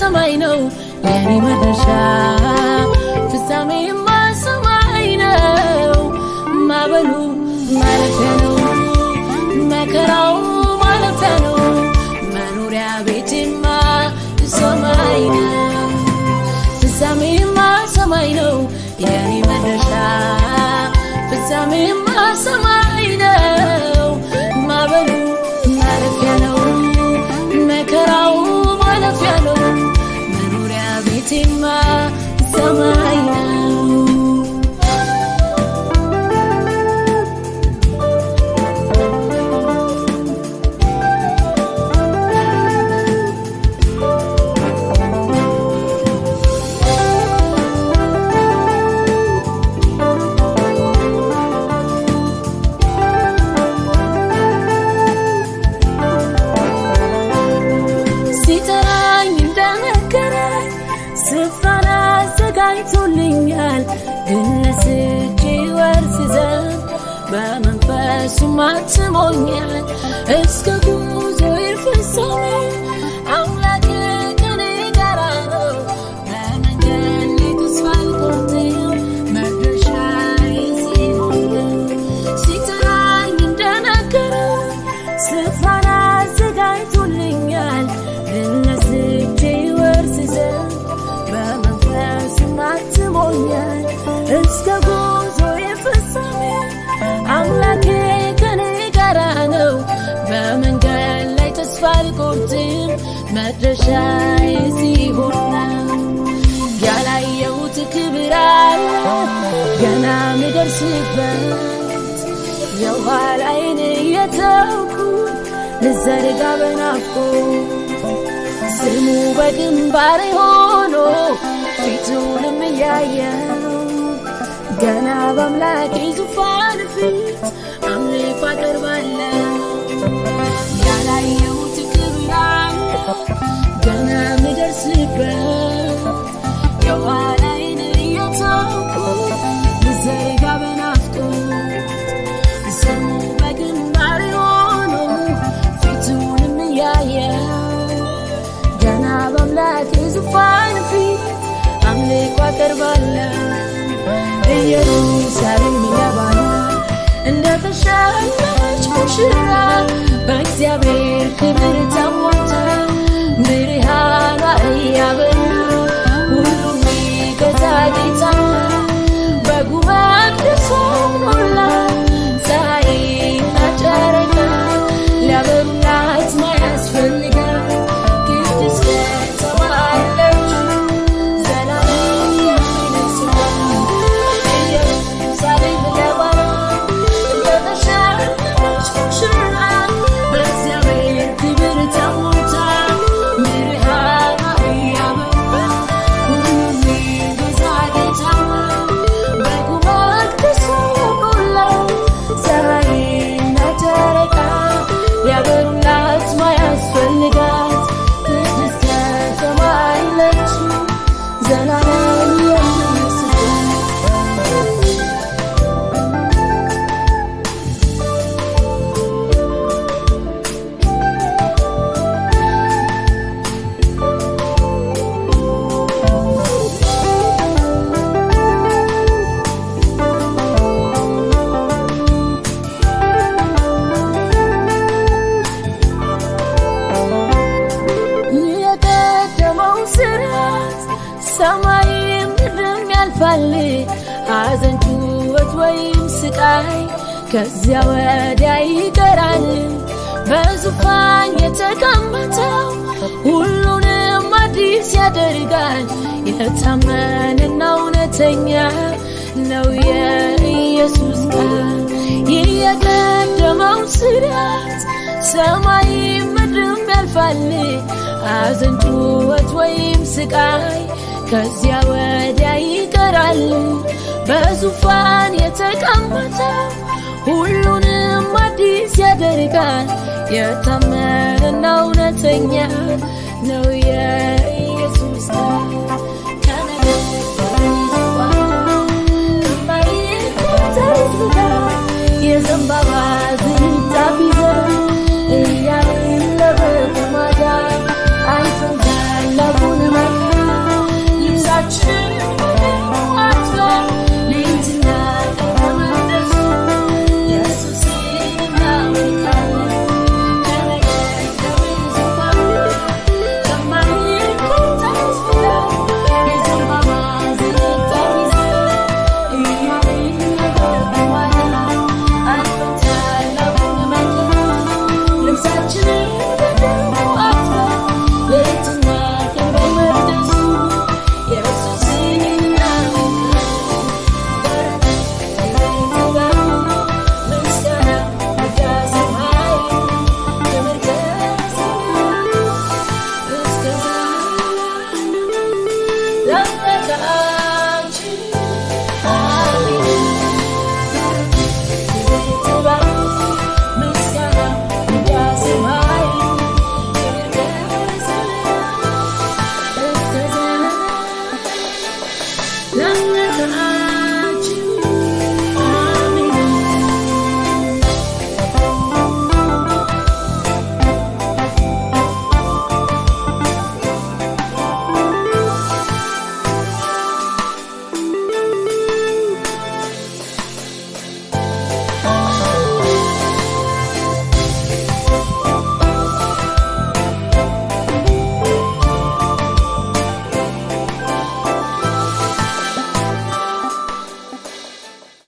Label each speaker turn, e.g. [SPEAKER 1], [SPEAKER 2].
[SPEAKER 1] ሰማይ ነው የኔ መድረሻ ፍጻሜማ ሰማይ ነው ማበሉ በመንፈሱ ማትሞኛል እስከ ጉዞ ይፍሰሙ አምላክ ከኔ ጋር ነው። በመንገድ ላይ ተስፋ አልቆርጥም እንደነገረው ስፍራ ተስፋ አልቆርጥም መድረሻዬ ሲሆን ያላየሁት ክብር አለ ገና ምደርስበት የኋላዬን እየተውኩ ልዘርጋ በናፍቆት ስሙ በግንባር ሆኖ ፊቱንም እያየው ገና በአምላኬ ዙፋን ፊት አምልኮ አቀርባለሁ በእምነት ዙፋን ፊት አምልኮ አቀርባለሁ። ኢየሩሳሌም ይገባል እንደተሻለች ሙሽራ በእግዚአብሔር ክብር ተሞልታ ሰማይ ምድርም ያልፋል ሐዘን ጩኸት ወይም ስቃይ ከዚያ ወዲያ ይቀራል። በዙፋን የተቀመጠው ሁሉንም አዲስ ያደርጋል። የታመነና እውነተኛ ነው የኢየሱስ ቃል። ይህ የቀደመው ስርዓት ሰማይ ምድርም ያልፋል ሐዘን ጩኸት ወይም ስቃይ ከዚያ ወዲያ ይቀራል በዙፋን የተቀመጠው ሁሉንም አዲስ ያደርጋል። የታመነና እውነተኛ ነው የኢየሱስ